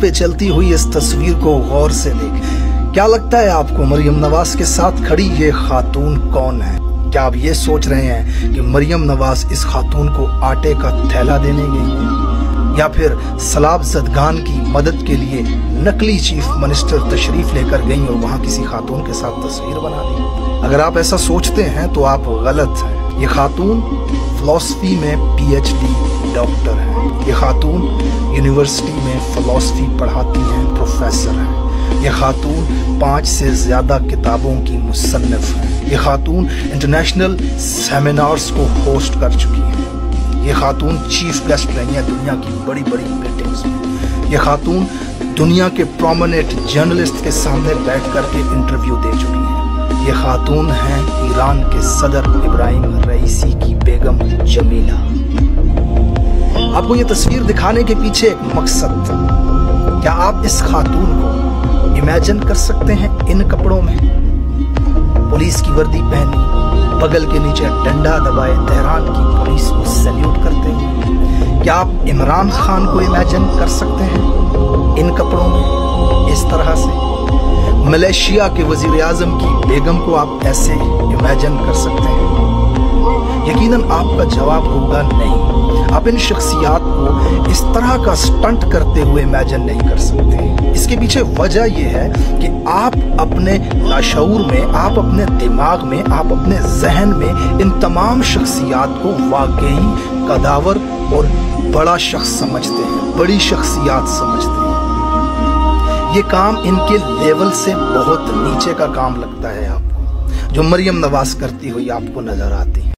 پہ چلتی ہوئی اس تصویر کو غور سے دیکھ کیا لگتا ہے آپ کو مریم نواز کے ساتھ کھڑی یہ خاتون کون ہے کیا آپ یہ سوچ رہے ہیں کہ مریم نواز اس خاتون کو آٹے کا دینے گئی ہے یا پھر سلاب زدگان کی مدد کے لیے نکلی چیف منسٹر تشریف لے کر گئی اور وہاں کسی خاتون کے ساتھ تصویر بنا دی اگر آپ ایسا سوچتے ہیں تو آپ غلط ہیں یہ خاتون فلوسفی میں پی ایچ ڈی ڈاکٹر ہے یہ خاتون یونیورسٹی میں فلسفی پڑھاتی ہیں پروفیسر ہیں یہ خاتون پانچ سے زیادہ کتابوں کی مصنف ہیں یہ خاتون انٹرنیشنل سیمینارز کو ہوسٹ کر چکی ہیں یہ خاتون چیف گیسٹ رہی ہیں دنیا کی بڑی بڑی میٹنگز میں یہ خاتون دنیا کے پروماننٹ جرنلسٹ کے سامنے بیٹھ کر کے انٹرویو دے چکی ہیں یہ خاتون ہیں ایران کے صدر ابراہیم رئیسی کی بیگم جمیلہ آپ کو یہ تصویر دکھانے کے پیچھے ایک مقصد تھا کیا آپ اس خاتون کو امیجن کر سکتے ہیں ان کپڑوں میں پولیس کی وردی پہنی بغل کے نیچے ڈنڈا دبائے تہران کی پولیس کو سیلیوٹ کرتے ہیں کیا آپ عمران خان کو امیجن کر سکتے ہیں ان کپڑوں میں اس طرح سے ملیشیا کے وزیر اعظم کی بیگم کو آپ ایسے امیجن کر سکتے ہیں یقیناً آپ کا جواب ہوگا نہیں آپ ان شخصیات کو اس طرح کا سٹنٹ کرتے ہوئے امیجن نہیں کر سکتے اس کے پیچھے وجہ یہ ہے کہ آپ اپنے لاشعور میں آپ اپنے دماغ میں آپ اپنے ذہن میں ان تمام شخصیات کو واقعی قداور اور بڑا شخص سمجھتے ہیں بڑی شخصیات سمجھتے ہیں یہ کام ان کے لیول سے بہت نیچے کا کام لگتا ہے آپ کو جو مریم نواز کرتی ہوئی آپ کو نظر آتی ہے